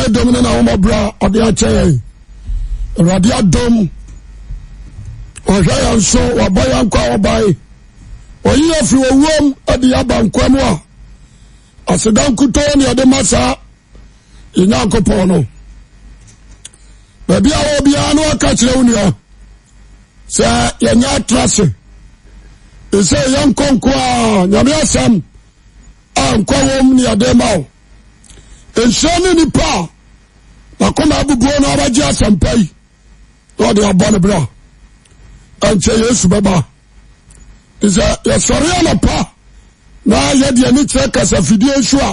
nyame dom no na womɔbra ɔde akyɛ yɛn awurade adom ɔhwɛ yɛn nso wabɔ yɛn nkɔ a wɔbae ɔyi afiri ɔwuom ade yɛaba nkwa mu a aseda nkutoo ne yɛde ma saa yɛ no baabi a wɔ biara na kyerɛ wo nua sɛ yɛnyɛ atra se ɛsɛ yɛnkɔ nko a nyame asɛm a nkwa wom ne yɛde ma wo nhyia ne nipa a nakoma abubuo na ɔbɛgye asɛmpa yi na ɔde abɔ ne berɛ ɛnkyɛ yesu bɛba te sɛ yɛsɔre anɔpa na yɛde ani kyerɛ kasafidie nso a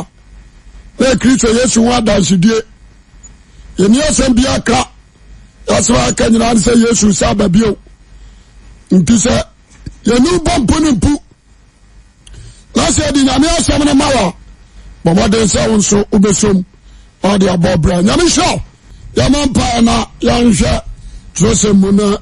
na kristo yesu ho adansedie yɛni asɛm bi aka yɛsɛm aka nyinaa sɛ yesu sɛ aba bio nti sɛ yɛni bɔ mpo na sɛ yɛde nyame asɛm no ma wɔ bɔmmɔden sɛ wo nso wobɛsom ɔde abɔ berɛ nyame hyɛ yɛma mpaɛ na yɛnhwɛ twerɛsɛ mu na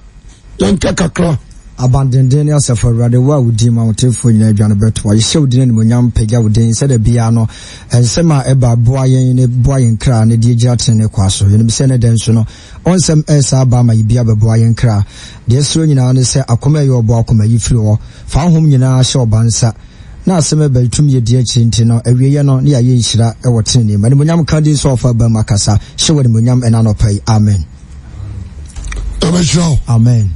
yɛnkɛ kakra abandenden ne asafo awurade wo a wodi ma wotefoɔ nyinaa adwane bɛto a yɛhyɛ wo animonyam pagya wo din sɛda biaa no ɛnsɛm a ɛba boa yɛn ne boa yɛn kra ne deɛ gyira tene ne kwa so yɛnim sɛ ne dɛn so no ɔnsɛm ɛɛsaa aba ma yɛbia bɛboa yɛn kra deɛ suro nyinaa ne sɛ akoma ɛyɛ ɔboa akoma yi firi hɔ fa nhom nyinaa hyɛ ɔba nsa na asɛm ɛbɛn yɛ di akyi nti no awieɛ no ne yɛayɛ nhyira ɛwɔ tenenee mu animonyam ka din sɛ ɔfa ba akasa hyɛ wɔ animonyam ɛna nɔpa yi amen ɛbɛhyira amen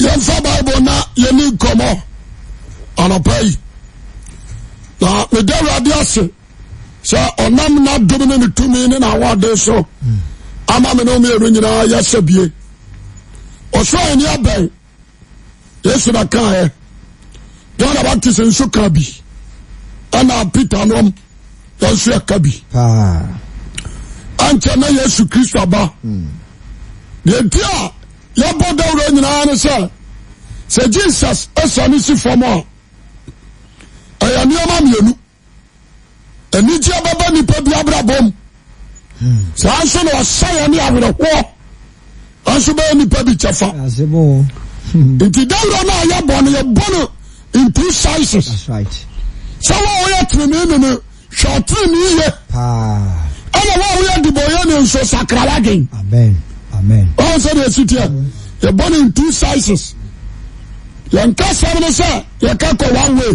yɛmfa bible na yɛne nkɔmmɔ anɔpa yi na meda awurade ase sɛ ɔnam n'adom ne ne tumi ne n'awɔde so ama me ne ɔmmienu nyinaa yɛsɛ bie ɔsoro ani abɛn yesu na kaeɛ un baptist un kabi. bi ɛna peter nom yɛnso yɛka na yesu kristo aba deɛnti a yɛbɔ dawuro nyinaa ne sɛ sɛ jesus ni si fam a ɛyɛ un mmienu anigye bɛba nnipa bi abrabɔm un nso na ɔsɛeɛ ne un anso bɛyɛ nnipa bi kyɛfa nti dawuro a ni in two sizes. That's right. sɛ wo woyɛ tenenee ne no hwɛ ɔtenenee yɛ ɛna wo woyɛ debɔyɛ ne nso sakrawa dwen ɔn sɛ deɛ sitiɛ yɛbɔ no oh, in two sizes yɛnka sɛm no sɛ yɛka kɔ one way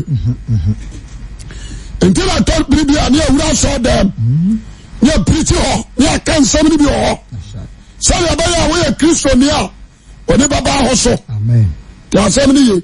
nti na tɔ biri bi a ne awura sɔ dɛm ne apirikyi hɔ ne aka nsɛm no bi wɔ hɔ sɛ yɛbɛyɛ a woyɛ kristoni a ɔne bɛba hɔ so te asɛm no ye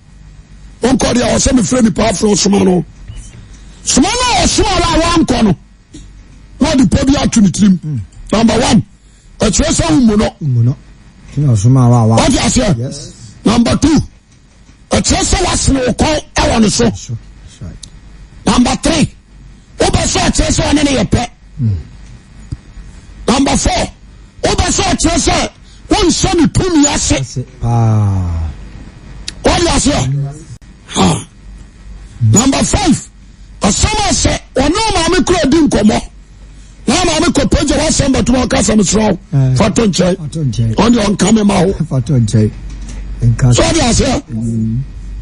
wɔnkɔ deɛ ɔsɛ mefrɛ nipa afrɛ soma no soma no a ɔsoma la a wɔankɔ no na ɔde pɔ bi ato ne tirim number one ɛkyerɛ sɛ wo mmunɔ wɔde aseɛ number two ɛkyerɛ sɛ woasene wo kɔn ɛwɔ ne so number three wobɛ sɛ ɔkyerɛ sɛ ɔne ne yɛ pɛ hmm. number four wobɛ sɛ ɔkyerɛ sɛ wonsɛ ne tumi ase ah. wɔde aseɛ number five ɔsɛm eh. hmm. a sɛ ɔne ɔmaame kura di nkɔmɔ na ɔmaame kɔ pɛgya wasɛm bɛtoma ɔka sɛm serɛ fa to nkyɛe ɔne ɔnka me ma wo sɛ ɔde aseɛ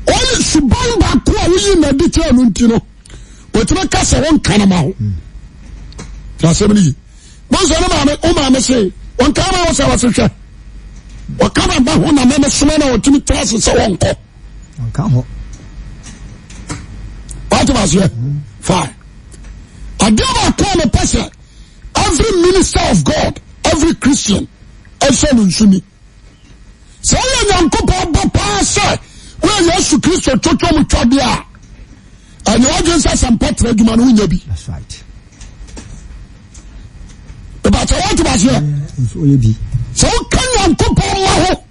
ɔne suban baako a woyi a kyerɛ no nti no ɔtumi ka sɛ wonka no ma wo asɛm no yi bonsɛ no maame womaame se ɔnka ma wo sɛ wɔsehwɛ ɔka ma ba ho na mɛmesoma na ɔtumi tra se sɛ wɔnkɔ aeɛbaepɛ sɛ every minister of god every christian ɔsɔnonsmi sɛ wowrɛ nyankopɔn bɔ pa sɛ werɛ yesu kristo woɛ m twadeɛa nyesɛsɛpɛradwuy bsɛ sɛ woka nyankopɔn ma ho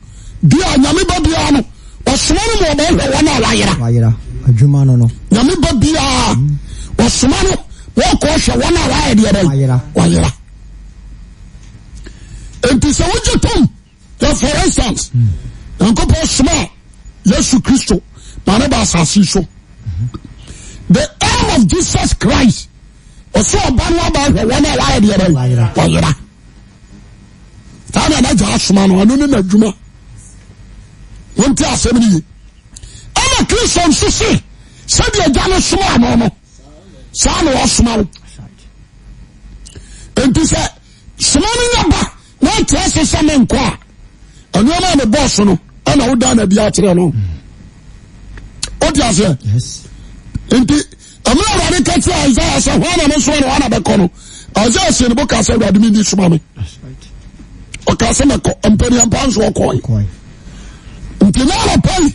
bianyame babiaa no ɔsomɛ no mɔbowɛwɔneayera adwuma no no nyame ba biaa wɔsoma no wɔkɔ hwɛ wɔn a wɔayɛ deɛ dɛ wɔyera enti sɛ wogye tom yɛ for instance nyankopɔn soma a yesu kristo ma ba asase so the arm of jesus christ ɔsɛ ɔba no aba hwɛ wɔn a wɔayɛ deɛ dɛ wɔyera saa na ɛna gya asoma no ɛno ne n'adwuma wonti asɛm no ye kristian sisi sɛbi ɛgya no soma ano no saa na wɔsoma wo nti sɛ soma no nya ba na ɛteɛ sɛ sɛ me nkɔ a ɛnoɔma a ne bɔɔso no ɛna woda na bi akyerɛ no wote aseɛ nti ɛmuna awurade ka kyerɛ isaia sɛ hɔ na me soma no hɔ na bɛkɔ no isaia sie ne bo kaa sɛ awurade mendi soma me ɔkaa sɛ mɛkɔ mpaniampa nso ɔkɔe nti na anɔpa yi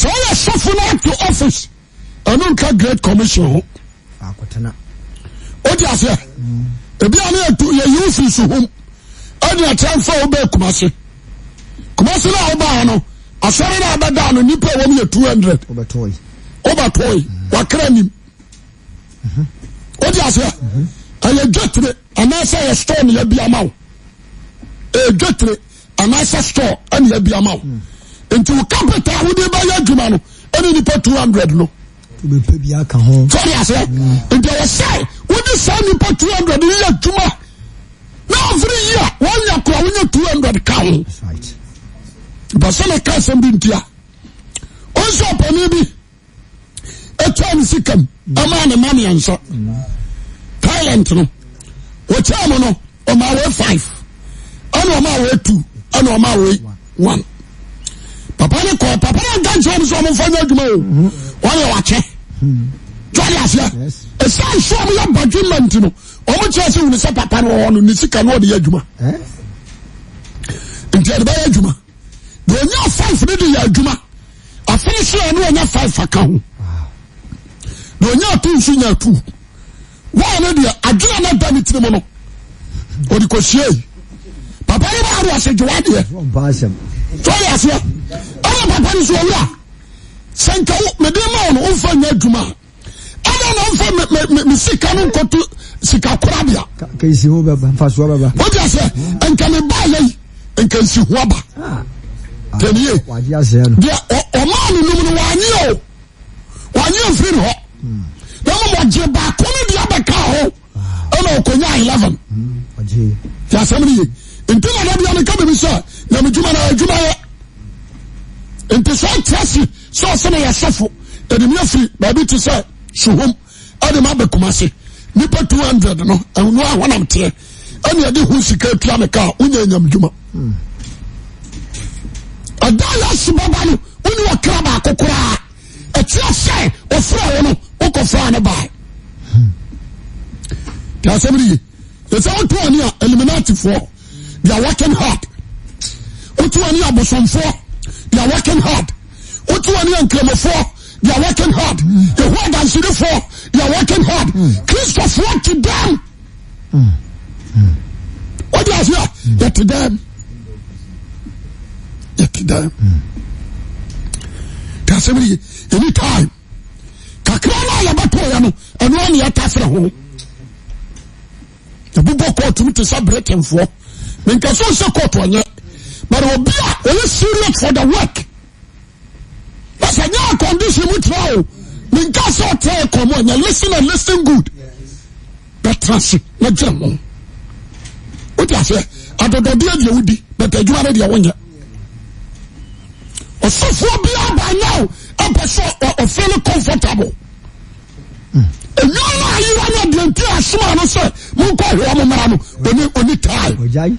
sɛ woyɛ sɔfo no to office ɛno nka great commission ho wode aseɛ ebia ne yɛyiwo firi so hom ɛne akyɛmfa a wobɛɛ kumase kumase no a wobaa no asɔre no abɛdaa no nnipa a wɔm yɛ 200 wobɛtɔe wakra nim wode aseɛ ɛyɛ dwatire anaasɛ yɛ store ne yɛbiama wo ɛyɛ dwatire anaasɛ store ne yɛbiama wo nti wo kapita wode bɛyɛ adwuma no ɛne nipa 200 no sɔre aseɛ nti ɛwɔ sɛ wode saa nipa 200 no yɛ adwuma na afere yi a wɔnya kora wonya 200 two hundred bɛ sɛ meka asɛm bi ntia ɔnsɛ ɔpane bi ɛtwa ne sikam ama ne ma neɛnsa talent no wɔkyɛɛ mo no ɔma wei five. ɛne ɔma wei 2 ɛne ɔma wei 1 papa ne kɔ papa ne nka nkyɛn sɛ ɔmo fɔ nyɛ adwuma o wɔn yɛ wakyɛ tɔɔde aseɛ esi ahyɛ ɔmo yɛ badwimɛnti no ɔmo kyerɛ sɛ wuli sɛ papa no wɔwɔ no ne sika no ɔde yɛ adwuma nti ɛde bɛyɛ adwuma de onye five ne de yɛ adwuma afei so yɛ no onye five aka ho de onye atu nso two atu wɔn no deɛ adwuma na da ne tiri mu no ɔde kɔ sie papa ne baa do ɔsɛ gyewadeɛ sori aseɛ ɛna papa no so owura sɛ nka wo mede ma wo no womfa adwuma ɛna na womfa me sika no nkɔto sika korabea wode sɛ nka me baayɛi nka nsi ho aba tɛnie deɛ ɔma no nom no wanyɛ o wanyɛ mfiri ne hɔ na mmom ɔgye baako no de abɛka ho ɛna ɔkɔnya 11 nti asɛm no ye nti na da bia meka bɛbi sɛ nyam dwuma na adwumaɛ nti so kɛsi sɛsene yɛsefo ademiya fri bɛit sɛ shoaa00ɛɛon liminafo n he wotuane abosomfoɔ they are working hard wotuane ankramofoɔ they are working hard yɛho adanserefoɔ they are working hard kristofoɔ te dam wode ase a yɛte dam yɛte dam kasɛm ne any time kakra no a yɛbɛtɔɔyɛ no ɛnoa ne yɛta frɛ ho yɛbobɔ kɔɔtom te sɛ bretenfoɔ menkɛ sɛ sɛ kɔɔto anyɛ but obi a ɔyɛ serious for the work ɛsɛ nyɛ a condition mu tira o ninka sɛ ɔtɛ ɛkɔmɔ ɛnyɛ listen and listen good bɛtena se na gyina mo wote aseɛ adɔdɔdeɛ deɛ wodi but adwuma no deɛ wonyɛ ɔsɔfoɔ bi aba now ɛpɛ sɛ ɔfɛ no comfortable ɛnwa no ayewa no adeɛ nti asoma no sɛ monkɔ ahoa mo mmara no ɔne time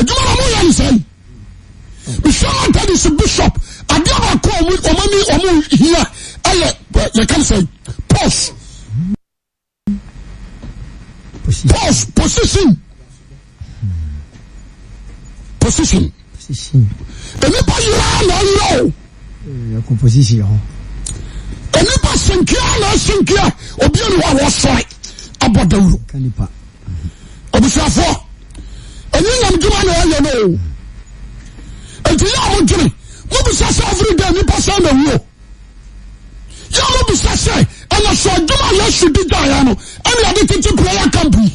adwuma ɔmo yɛ no bishop ntɛ de bishop adi ɔmo ɔmo mi ɔmo yɛ kan sɛn position position enipa yira na ɔyɛ o enipa hein. senkia na senkia obi pas hɔ a Je abɔ dawuro ɛne nyam dwuma na ɔyɛ no o enti yɛ ah, hmm. a modwene mobisa sɛ ɔfere da nnipa sɛ na wuo yɛ a mobisa sɛ ɛna sɛ ɔdwuma a yɛsu di daeɛ no ɛne yɛde tete prayer camp yi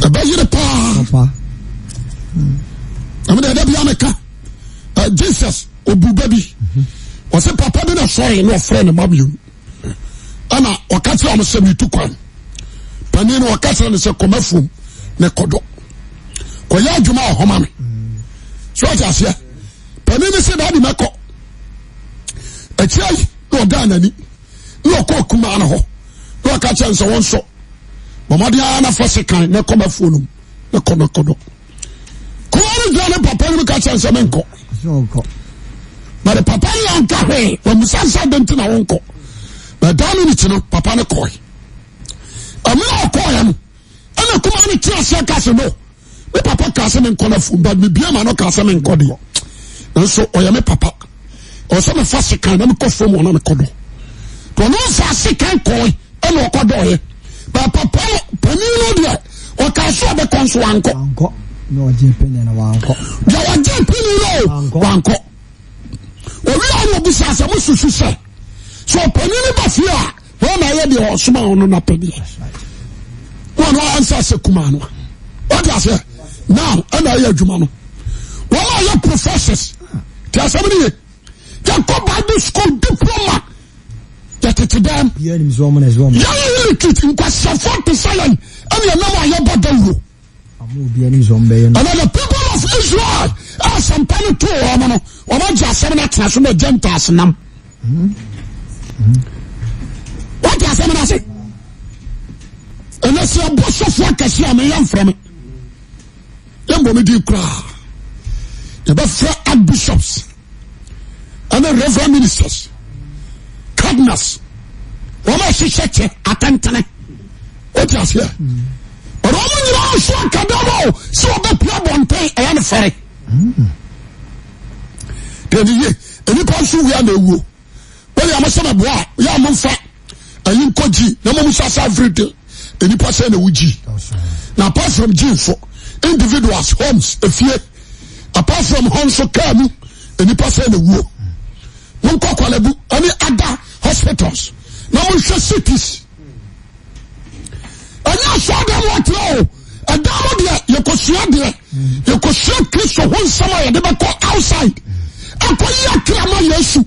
ɛbɛyere paa na mede ɛda bia meka eh, jesus ɔbu ba bi papa bi na sɔre ne ɔfrɛ ne ma ɛna ɔka kyerɛ ɔmo sɛ mitu kwan panin no ɔka kyerɛ no sɛ kɔma fom ne kɔdɔ kɔyɛ adwuma wɔ hɔma mi so ɔte aseɛ panin no sɛ daadi mɛkɔ akyia yi na ɔda anani na ɔkɔ ɔkumaa no hɔ na ɔka kyerɛ nsɛ wɔn nsɔ bɔmɔden ara nafa se kan ne kɔma fo no ne kɔ ne kɔdɔ kɔɔ no gyina ne papa no mu ka kyerɛ nsɛ menkɔ na de papa no yɛ nka hwee wɔmusansa de nti na wɔnkɔ bɛdaa minute no papa no kɔe ɛmena ɔkɔɔeɛ no ɛna kuma no te aseɛ ka se no me papa ka sɛ menkɔ no afum but mebia ma no ka sɛ menkɔ deɛ nanso ɔyɛ me papa ɔwɔ sɛ mefa sekan na mekɔ fam ɔna mekɔ dɔ to ɔno mfa sekan kɔe ɛna ɔkɔ dɔɔyɛ but papa no pani no deɛ ɔka so ɔbɛkɔ nso wankɔ deɛ wɔgye pani no wankɔ owie a na ɔbusa sɛ mosusu sɛ so pani no ba fi a anayɛ de soma no nad ɛɛyɛ poesoɛa ol ei nasɛfotesaen yɛbdae people of isral ɛ ae sɛ oeao agentis nam wo tiase menase enese obo susua kesiame yamfere me yambo me din kuraa yebe fre at bishops ane refereind ministers cardinars wome ese̱shekhe atentene wotiase but omo yer suakademo se obe pie bonte eyani feri ye nipasoweane wo msee efa yenko e po e nival hospital e cits so otsideresu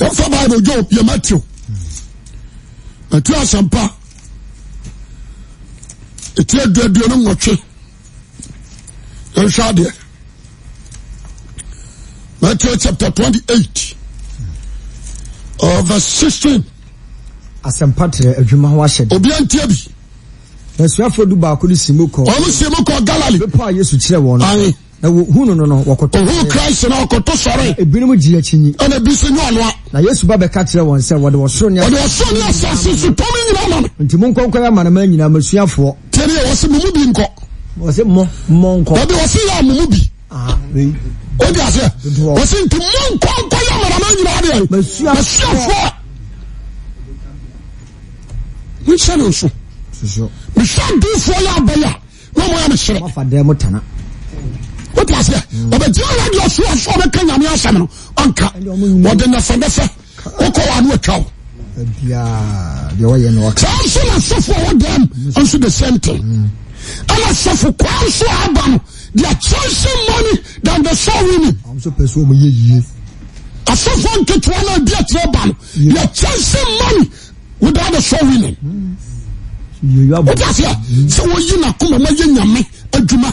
wɔfa bible dwo yɛ matthew matthew asɛmpa ɛti aduaduo no nwɔtwe yɛnhwɛ adeɛ matthew chapter 28 uh, verse sixteen. 16 asɛmpa terɛ adwuma ho ahyɛ obia ntia bi asuafoɔ du baako no si mu kɔ ɔmo si mu kɔ galile bepɔ a yesu kyerɛ wɔn no na wohunu no no wɔkɔtɔ ohun christ na wɔkɔtɔ sɔre ebinom gyi akyi nyi ɛna ebi nso nyɛ ɔnoa na yesu ba bɛka kyerɛ wɔn sɛ wɔde wɔsoro ne wɔde wɔsoro ne asase so tɔm nyinaa ma no nti mu nkɔnkɔ yɛ amanama nyinaa masuafoɔ tiɛni yɛ wɔsi mumu bi nkɔ wɔsi mɔ mɔ nkɔ wɔde wɔsi yɛ mumu bi ah, o di ase wɔsi nti mu nkɔnkɔ yɛ amanama nyinaa de yɛ masuafoɔ n sɛ ne nso mehyɛ adufoɔ yɛ abɛyɛ na ɔmo yɛ mehyerɛ wote aseɛ ɔbɛgyina na deɛ ɔso ɔso ɔbɛka nyame asɛm no ɔnka wɔde nɛfɛdɛfɛ wokɔ wa ne watwa wo saa nso na asɔfo a wɔdam nso the same thing ɛna asɔfo kwaa nso a aba no they are chasing money than the soul winning asɔfo nketewa no adi akyerɛ ba no they are chasing money without the soul winning wote aseɛ sɛ wɔyi nakoma ma yɛ nyame adwuma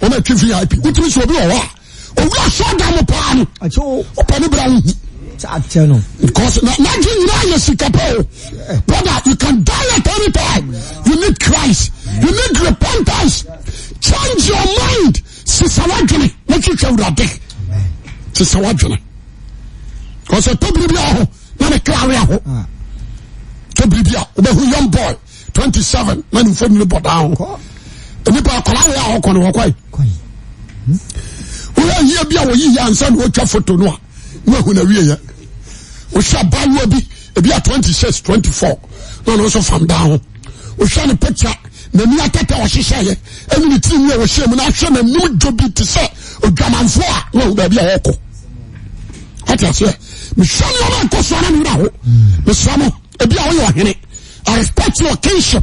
wọn bɛ ti vip wotumi sɛ obi wɔ hɔ owura sɔɔda mu paa no ɔpɛ ne bra because na na gye nyinaa yɛ sika o brother you can die at any time you need Christ you need repentance change your mind sisa wadwene na twitwa awurade sisa wadwene because tobiri bi aho na ne kra awe aho ah. tobiri bi a wobɛhu young boy twenty seven na ne mfoni ne bɔ daa ho. nipa akɔla wei a ɔkɔ no wɔkɔe hmm? woyɛ yie bi a wɔyi yɛ ansa na wɔtwa foto no a na ahu na wieyɛ wohwɛ abayewa bi ebi a twenty six twenty four na ɔno nso fam daa ho wohwɛ ne picture n'ani atata ɔhyehyɛ yɛ ɛne ne tirinwi a wɔhyɛ mu n'ahwɛ n'anim dwo bi te sɛ odwamanfo a na ɔhu baabi a ɔkɔ ɔte aseɛ mehyɛ ne ɔno akɔ soa na ne wura ho hmm. mesra mo ebi a wɔyɛ ɔhene I respect your kingship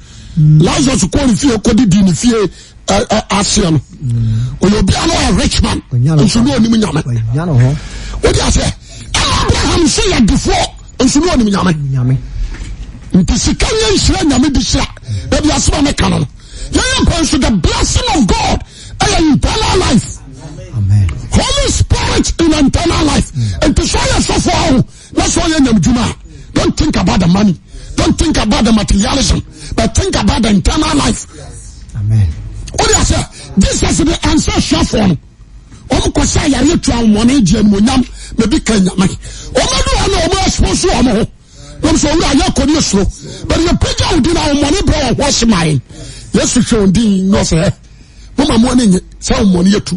lazarus kɔ ne fie kɔ didi ne fie aseɛ no ɔyɛ obia no ɔyɛ rich man nso ne ɔnim nyame wode aseɛ abraham so yɛ defoɔ nso ne ɔnim nyame nti sika nyɛ nhyira nyame de hyira baabi asoma ne ka no no yɛyɛ pɛ nso the blessing of god ɛyɛ internal life Amen. holy spirit in internal life mm. nti sɛ ɔyɛ sɔfoɔ aho na sɛ ɔyɛ nyamdwuma don't think about the money Don't think about the materialism, but think about the internal life. Yes. Amen. What do you say? This is the answer sure for me. Omo kosa yare tu awon ni je mo nyam me bi kan nyam. Omo do ana omo esponso omo ho. Omo so wura ya ko ni esro. But you put out din awon money bro on wash my. Yesu hwe on din no se. Mo ma mo ni sa awon money etu.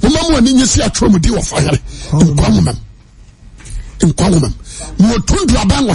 Mo ma mo ni nyesi atro mu wa wo fa yare. Nkwa mo Nkwa mo mam. Mo tun du aban wo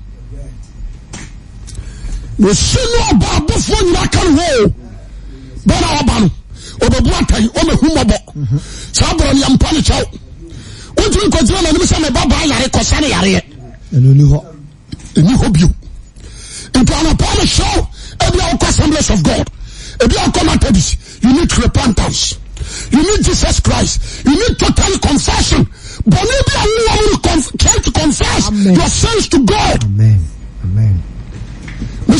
wosi no ɔba abɔfoɔ nyina ka no hoo bɛna ɔba no ɔbɛbu atai ɔmahu mɔbɔ saa borɔ no yɛmpa no kyɛw na nkɔgyina nanim sɛ mebabaa yare kɔsa no yareɛ ɛni hɔ bio nti anɔpa no hyɛw Ebi ako assemblies of god Ebi ako matabis you need repentance you need jesus christ you need total confession But bi a wowɔ mu try to confess Amen. your sins to god Amen. Amen.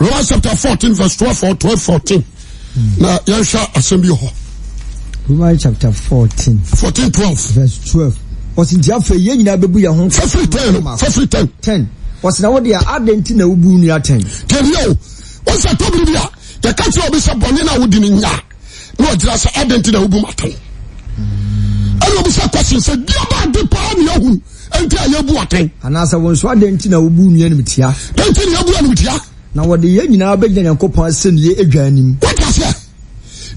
Romans chapter 14 verse 12 or 12 14 Now, yɛnhwɛ assemble bi Romans chapter 14 14 12 verse 12 ɔsi nti afei yɛn nyinaa bɛbu yɛn ho fɛfiri ten fɛfiri ten ten What na wɔde a adan ti na wubu nua ten kɛmiyɛ o wɔsɛ tobiri bi a yɛka kyerɛ obi sɛ bɔnne na wodi ni nya na ɔgyina sɛ adan ti na wubu ma ten ɛna obi sɛ kɔsi sɛ diaba adi paa ni ahu ɛnti a yɛbu atɛn anaasɛ wɔn nso adan ti na wubu nua nimu tia adan ti na na wɔde yɛn nyinaa bɛgyina nyankopɔn asɛm yie adwa anim. wọ́n sẹ́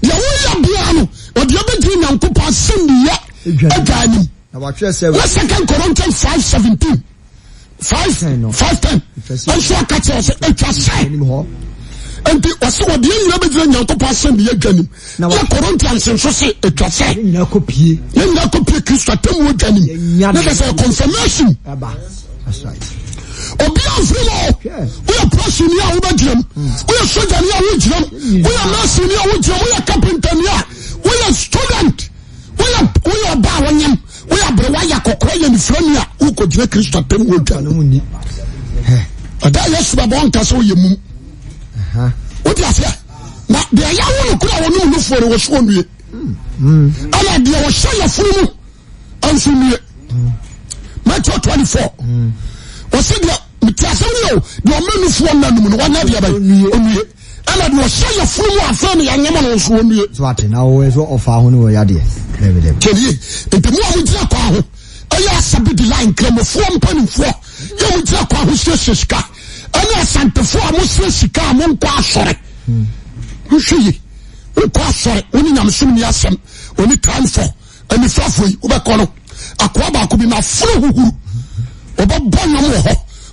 yẹ wọ́n yẹ bíyà no ọ̀dìyẹ bẹ di nyankopɔn asɛm yie adwa anim. na wàtwerɛ sɛ wọ́n second corinthians five seventeen five five ten ɛnso aka kyerɛ sɛ atwa sɛ nti ɔsɛ ɔdeɛ nyina bɛgyina nyankopɔn asɛm yɛ adwa nim yɛ corinthians nso se atwa sɛ ne nyina kɔpie kristo atammuo adwa nim ne kɛ sɛ confirmation obiserem woye pasno e a 2e ti asem yi o deɛ ɔmo nufoɔ nna numu no wanya deɛ bɛyi onue ɛna deɛ ɔhyɛ yɛ funu mu afɛn no yɛnyɛma no nso onue. so ate na wɔwɔ so ɔfa ho ne wɔyɛ adeɛ. kyɛnni nti mu a mo gyina kɔ aho asabi di line kramofoɔ mpanimfoɔ yɛ mo gyina kɔ aho siesie sika ɛne asantefoɔ a mo sie sika a mo nkɔ asɔre nhwɛ yi nkɔ asɔre wɔn nyamsom ni asɛm wɔn time for ɛnifafo yi wɔbɛkɔ no akɔɔ baako bi na aforo huhuru wɔbɛbɔ nyɔm wɔ hɔ.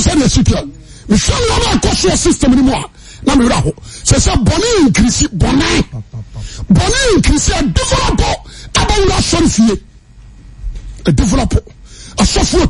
sensipie ese co s sytem ss f sel adfo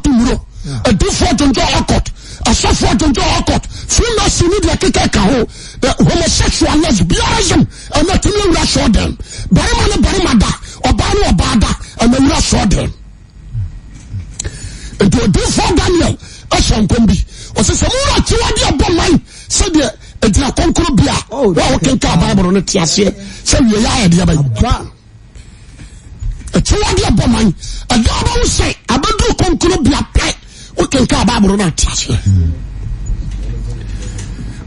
daniel ahyɛ nkɔm bi ɔsɛ sɛ mowura akyiwade abɔ man sɛdeɛ ɛgyina kɔnkoro bia oh, wa wokenka bible no te aseɛ sɛ wieyɛ ayɛdeɛ ba akyiwade e abɔ man ɛda e ba wo sɛ abɛduru kɔnkoro bia pɛ wokenka bible no ate aseɛ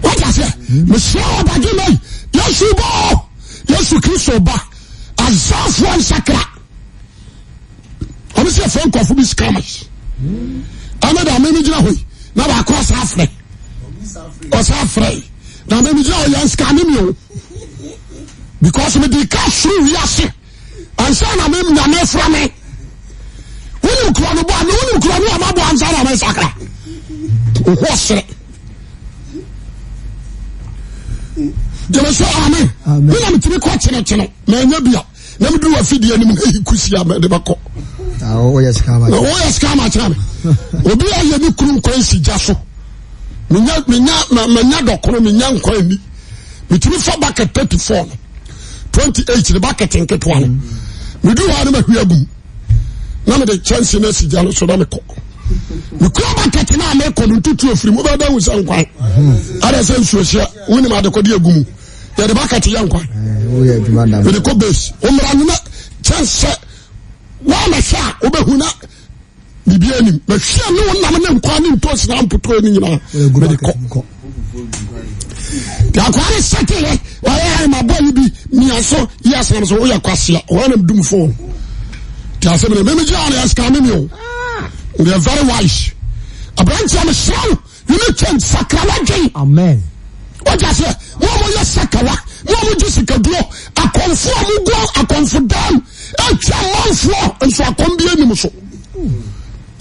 wate aseɛ mesua ɔbagye mai yesu bɔ yesu kristo ba azafoɔ nsakra ɔno sɛ ɛfɛ nkɔfo bi scamas ɛne da mɛmi gyina hɔ yi na baako ɔsa afrɛ ɔsa afrɛ na mɛmi gyina hɔ yɛ nsika ne mi o because mi di ka suru wi ase ansa na mi na mi fura mi wuli kura mi bɔ a mi wuli kura mi a ma bɔ ansa na mi sakra ohu ɔsere jẹmẹsọ ami mi na mi ti mi kɔ kyerɛkyerɛ na enya bia na mi du wa fidie ni mu na eyi kusi a mi de ba kɔ. awo ah, o yɛ sika ma kyerɛ mi. o yɛ sika ma kyerɛ mi. obi ayɛ ne kunu si gya so menya dɔkoro menya nkwa ani metumi fa bucket 34 no 28 ne bucket nketewa no mede hɔ no mahwe agum na mede kyɛnse no gya no so na mekɔ mekura bucket na a no ntutu mu hu sɛ nkwan ada sɛ nsuohyia wonim adekɔde agu mu yɛde bucket yɛ nkwan mede kɔ base sɛ a wobɛhu na biribi anim na hwia ne wo nam ne nkwa ne ntosira mpotoɔ no nyinaa mede kɔ akwari sɛtele ɔyɛ ayɛ ma bɔyi bi mia so yi asɛm so woyɛ kwasia ɔyɛ nam dum fo ti asɛm ne mɛmi gye ɔne asika mi mi o they ah. are very wise aberanteɛ mi sraw you need change Sakala dwen amen wọ́jà sẹ́ wọ́n mo yẹ sakawa wọ́n mo jí sikaduro akọ̀nfọ́ mo gbọ́ akọ̀nfọ́ dáhùn ẹ̀ twẹ́ mọ́nfọ́ nsọ akọ̀nbíyẹ ni mo so.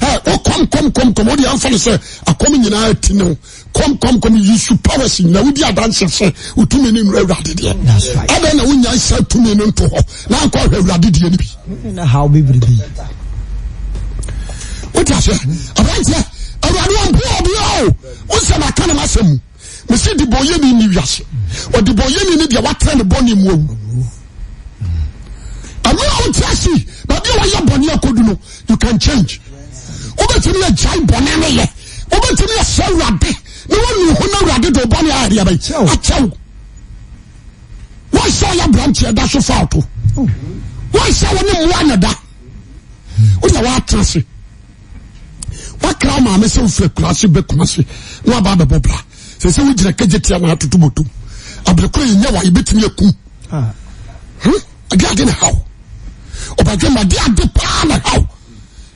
wokɔm kɔmkɔmkɔm wode amfa no sɛ akɔm nyinaa ati ne wo kɔmkɔmkɔm yesu powers nyina wodi adanse sɛ wotumi ne nnura awurade deɛ adɛn na wonya sa tumi no nto hɔ na ankɔ ahwɛ awurade deɛ no bi wote aseɛ aberanteɛ awurade wɔmpoa ɔbia o wo sɛ maka ne masɛm mu mese de bɔyɛni ne wiase ɔde bɔyɛni ne deɛ watrɛ ne bɔne mu awu ɛno a wote ase baabi a wɔyɛ bɔne akɔdu no you can change obetimi e ja bonenye obetimi se wrade neo seye banda sen da ah. hmm? paha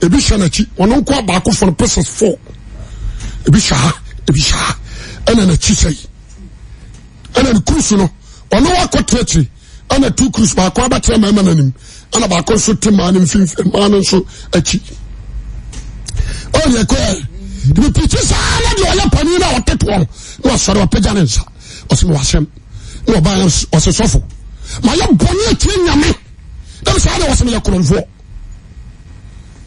ebi hyɛ n'akyi ɔno nko abaako fɔ no pieces four ebi hyɛ ha ebi hyɛ ha ɛna n'akyi hyɛ yi ɛna ne kurusu no ɔno wakɔ tirakyiri ɛna tu kurusu baako abatira mɛɛma n'anim ɛna baako nso te maa ne mfimfini maa ne nso akyi ɔyɛ kɔɛ ebi pirikyi saa ɛna deɛ ɔyɛ panin na ɔte toɔ na ɔsɔre ɔpagya ne nsa ɔsi mi w'asɛm na ɔbaa ɔsi sɔfo ma yɛ bɔnni akyi nyame ɛbi saa na ɔsi mi yɛ kɔnɔnfoɔ.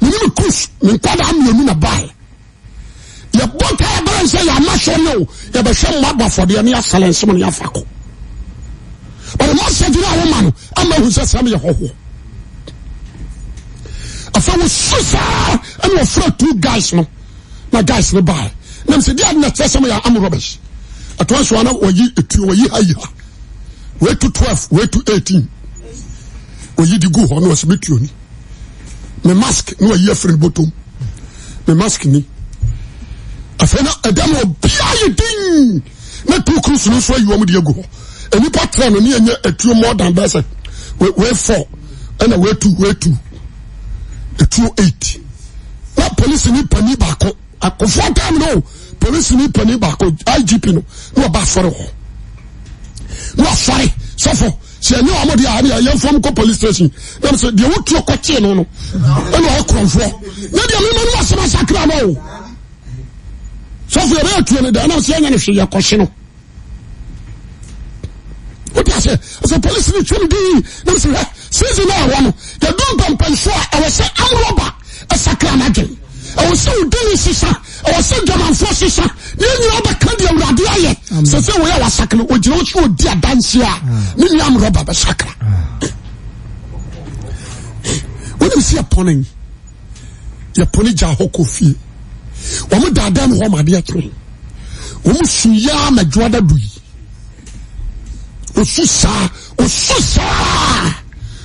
menim kus menkwada mmienu na bae yɛbɔ taa bɛrɛ sɛ yɛama sɔ ne o yɛbɛhwɛ mmoa bafɔdeɛ ne yɛasɛle nsom ne yɛafa ko bɛde masɛgyere a woma no ama hu sɛ sɛm yɛ hɔhoɔ ɛfɛ wɔsu saa ɛne wɔfrɛ two guys no na guys no bae nam sɛ deɛ adena kyerɛ sɛm yɛ am rubbish ɛtoa so ana wɔyi ɛtuo wɔyi ha yi ha wei to twelve wei to eighteen wɔyi de gu hɔ na wɔsɛ bɛtuo ni me mask ne wayi afiri ne bɔtɔm me mask ni afei na ɛdɛm wɔ bia yɛ din na tu kuru sunu so ayi wɔn de egu hɔ enipa tena no ne yɛ e nyɛ etuo more than bɛsɛ wei four ɛna wei two wei two etuo eight na polisi ni panin baako akofo atam no polisi ni panin baako igp no ne wɔ ba afɔre hɔ ne wɔ afɔre sɔfo sɛ ɛnyɛ wɔn de adeɛ ɛyɛ fɔm kɔ police station ɛna sɛ deɛ wotu ɔkɔ kyee no no ɛna ɔyɛ kurɔfoɔ ne deɛ mímu no ma sɛm asakira ma o sɔfo yɛ bɛyɛ tuo ne da ɛna sɛ ɛnyɛ ne hwee yɛ kɔhye no o de ase ɛsɛ polisi ni twɛm dii ɛna sɛ hɛ season a ɛwɔ no yɛ dun pɛmpɛnso a ɛwɔ sɛ amurɔba ɛsakira n'agye ɛwɔ sɛ wodini sesa ɛwɔ sɛ dwamanfoɔ sesa ne nyina wobɛka de awurade ayɛ sɛ sɛ wɔyɛ wasakra ogyina wo sɛ ɔdi adanseɛ a ne nua mrɔba bɛsakra wonim sɛ yɛpɔne yɛpɔne gya hɔ kɔ fie wɔmo daadaa no hɔ madeɛ toro wɔmo suyaa madwoada bui osu saa osu saa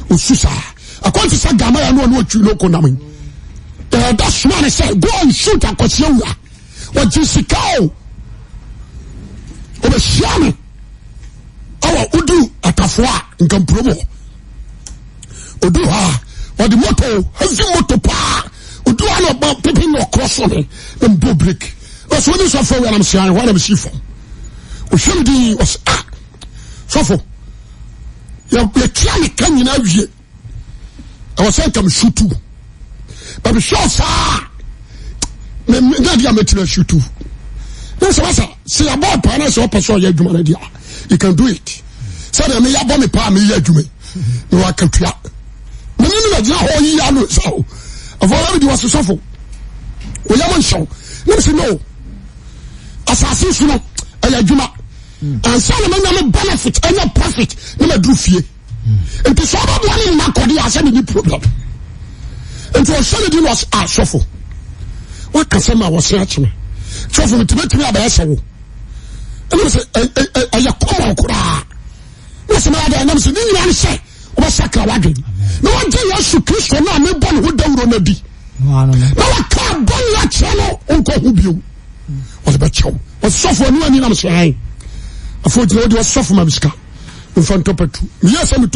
osu saa akɔnte sɛ gama ya ne ɔne ɔtwi no ɔkɔ nam yi ɔba soma ne sɛ go and shoot akɔsi awura ɔgye sika o ɔbɛhyia me ɔwɔ odu atafoɔ a nkampuro wɔ odu hɔ a ɔde moto heavy moto paa odu hɔ na ɔba pepe na ɔkorɔ so ne na mbɔ break ɔsɛ wɔn nso afɔ wɛnam si ayɛ wɔnam si fam ɔhwɛ mu dii ɔsɛ ah sɔfo yɛ yɛ tia ne ka nyinaa wie ɛwɔ sɛ nkam sutu bẹẹbi sọ saa mẹ mẹ ní adi a mẹtiri ẹsẹ tu ní sọ wáṣà sè yà bọ ọpaa náà sọ ọpẹ sọ yẹ adwuma náà di a you can do it sani ẹmi yà bọ mi paa mi yẹ adwuma mi wà kẹtuya mẹ nínú yà gyina hɔ yíyá ló sá o ọfọwọ́n mi di wà sọsọfọ òyà mọ nhyẹw ní sẹ no asase sunu ɛyɛ adwuma ansa na mẹ nyame benefit ɛnyɛ profit ní mẹ dúró fie nti sọ ọba bu wa ni nna kọ di yà sẹ mi ni problem. tisendino ah, sufo ka sɛm ase keme sofo etimeii eseo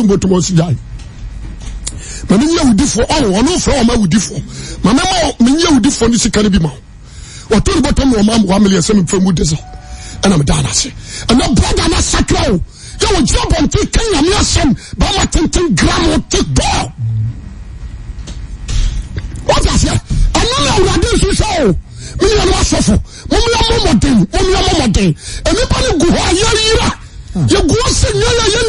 ao ee e mami nye awudifoɔ ɔwɔ ɔno nfura wɔn awudifoɔ mami ma mi nye awudifoɔ ne sika ne bi ma wɔtɔ ne bɔtɔ mi wɔn amu wɔn amiliɛ mi fɛn mu de sɔn ɛna mi da anase ɛna broda na sakira o yɛ wɔ gyina bɔnti kan nyame asɛm bɛma tenten gram o ti bɔ wɔn ti aseɛ ɛno na awurade o mi yɛ no asɔfo mo mi yɛ mo mɔden mo mi yɛ mo mɔden enipa gu hɔ a yira yɛ gu ɔsɛ nyɛ yɛ yɛ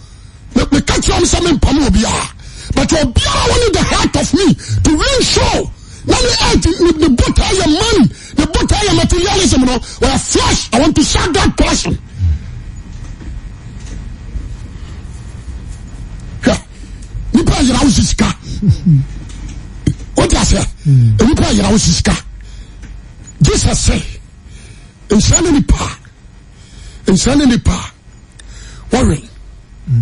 meka kyerɛ m sɛ mempam obiara but obiara wɔne the heart of me to win show na ne earth ne ne book ayɛ money ne book ayɛ materialism no wɔyɛ flash I want to shout that person hwɛ nipa ayira awo si sika hmm. o ti ase nipa ayira awo si sika Jesus say nsira ne nipa nsira ne nipa wɔre. Mm.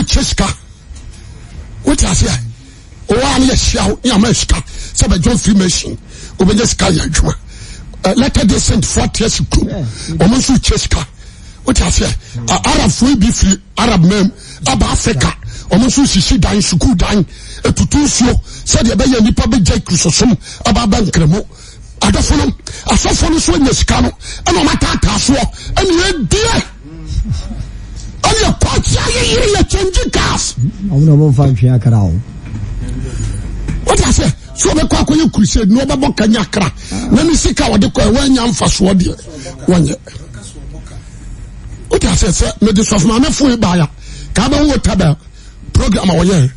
obi kye sika wote aseɛ owaa no yɛhyia wo ne ama sika sɛ bɛgyon free machine wobɛnya sika yɛ adwuma letter de sent foɔ teɛ si kurom ɔmo nso kye sika wote aseɛ arabfoɔ bi firi arab mam aba africa ɔmo nso sisi dan sukuu dan etutu nsuo sɛdeɛ ɛbɛyɛ nipa bɛgya kusosom aba aba nkramo adɔfo no asɔfo no nso anya sika no ɛna ɔmo ataataa soɔ ɛna ebie ɛne ɛkɔkye ayɛyere yɛkyɛngye cars ɔmna ɔmɔmfa ntwe akra wo wode sɛ sɛ wobɛkɔ akɔyɛ crusade na wɔbɛbɔ kanya kra ah. na ne sika wɔde kɔ ɛwanya mfasoɔ deɛ wɔnyɛ wode asɛ sɛ mede sɔfomaamɛfoe baaya kaa bɛho wɔ tabɛ program a wɔyɛɛ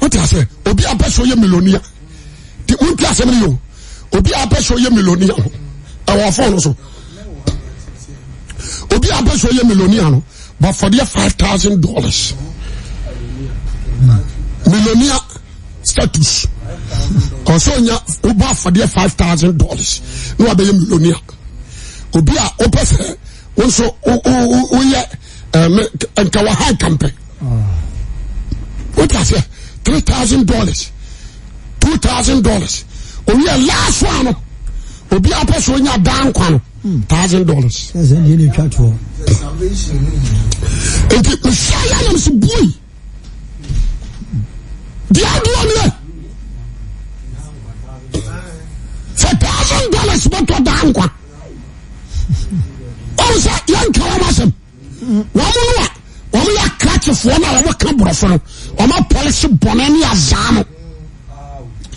wọ́n ase obi apẹ so yẹ milonia ti n tí asẹ́mi yìí obi apẹ so yẹ milonia o ẹ̀wọ̀ fọ́ọ̀nù so obi apẹ so yẹ milonia no but for their five thousand dollars millionaire status ọsọ nya ọba afọdeɛ five thousand dollars You are bɛyɛ millionaire obi a ɔpɛ sɛ wọn nso ɔyɛ ɛmɛ nkawa ha nkampɛ wọ́n ti sɛ three thousand dollars two thousand dollars owi yɛ last one obi apɛ sɛ ɔnya dan kwan no. lsa yanamse b dia dune fe taen dollarsmot dan ka omese yantaw bse omnw meya kate fnmka bro n mapolese bonneyaan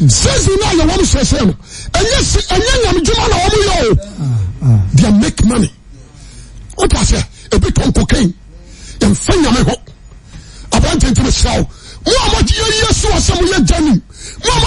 season náà yẹ wọ́n sẹ̀sẹ̀ no ẹ̀yẹ si ẹ̀yẹ nyàmùjúmọ́ náà wọ́n yọ o they make money ó pa sẹ ebi tó nkókèyìn yẹn fẹ́ nyàmé hó abọ́ntẹ́ntẹ́ bẹ̀ sẹ́ o mú àwọn yẹ yẹ sọ wọ́n sẹ́ mo yẹ jẹ́ nìyí.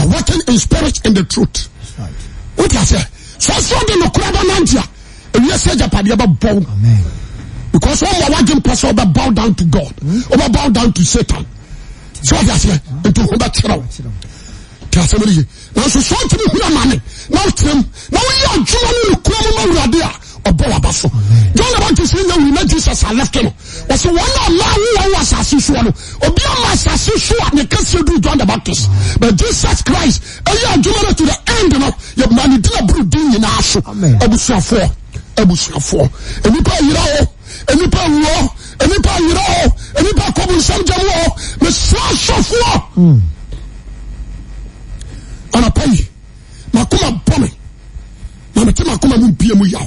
they are walking in spirit and the truth wotu ase sɔsɔ de nukura bɛ nantia ewia sɛ japadeɛ bɛ bɔw because wɔn mɔ wagye mpɛ sɛ bow down to God ɔbɛ hmm? bow down to Satan sɛ wɔde aseɛ nti ho bɛ kyerɛw ti ase mo de ye nanso sɔɔ ti mi hura maame na o tirim na o yɛ adwuma ne nukura mu ma wura de a ɔbɔ waba so john the baptist ni nyawuri na jesus alɛfke no wɔsi wɔn a ɔmaa wo wɔn wɔ asase soɔ no obi ama asase soɔ ne kese du john the baptist but jesus christ ɛyɛ adwuma no to the end no yɛ maa ne di aburo din nyinaa so abusuafoɔ abusuafoɔ enipa yira o enipa wuo enipa yira o enipa kɔbu nsɛm jɛm o mesia asɔfoɔ ɔnapa yi makoma bɔ mi na mete makoma mu bie mu yaw.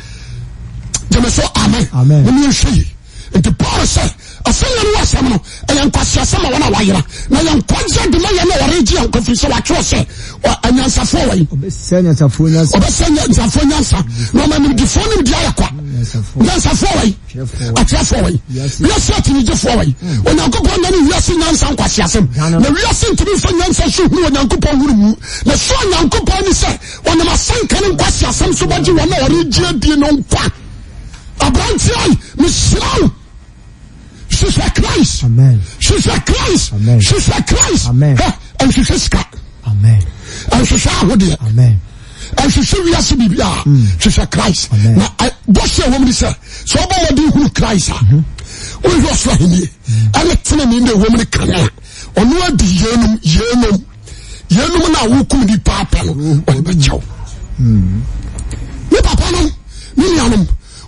emɛ so am emesɛye nt par sɛ sayan sɛ ksa abante mesera seswɛ christ seswɛ chis seswɛ cis nsweswɛ sika nsesɛhodeɛ nsweswɛ wiase birbi sweswɛ christ n s de hunu chris seni ne temee wm kane ɔnai nwnap ɛ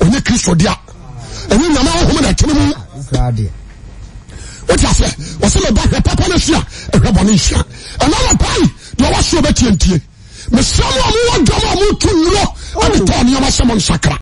ene khristo dea ene nyana ohome de kene mumu wetiase wose me ba hwe papane sia ehe bone sia eneme pai de owasuwo be tientie mesemea muwogoma mu tuuro adeta neọma se mo nsakara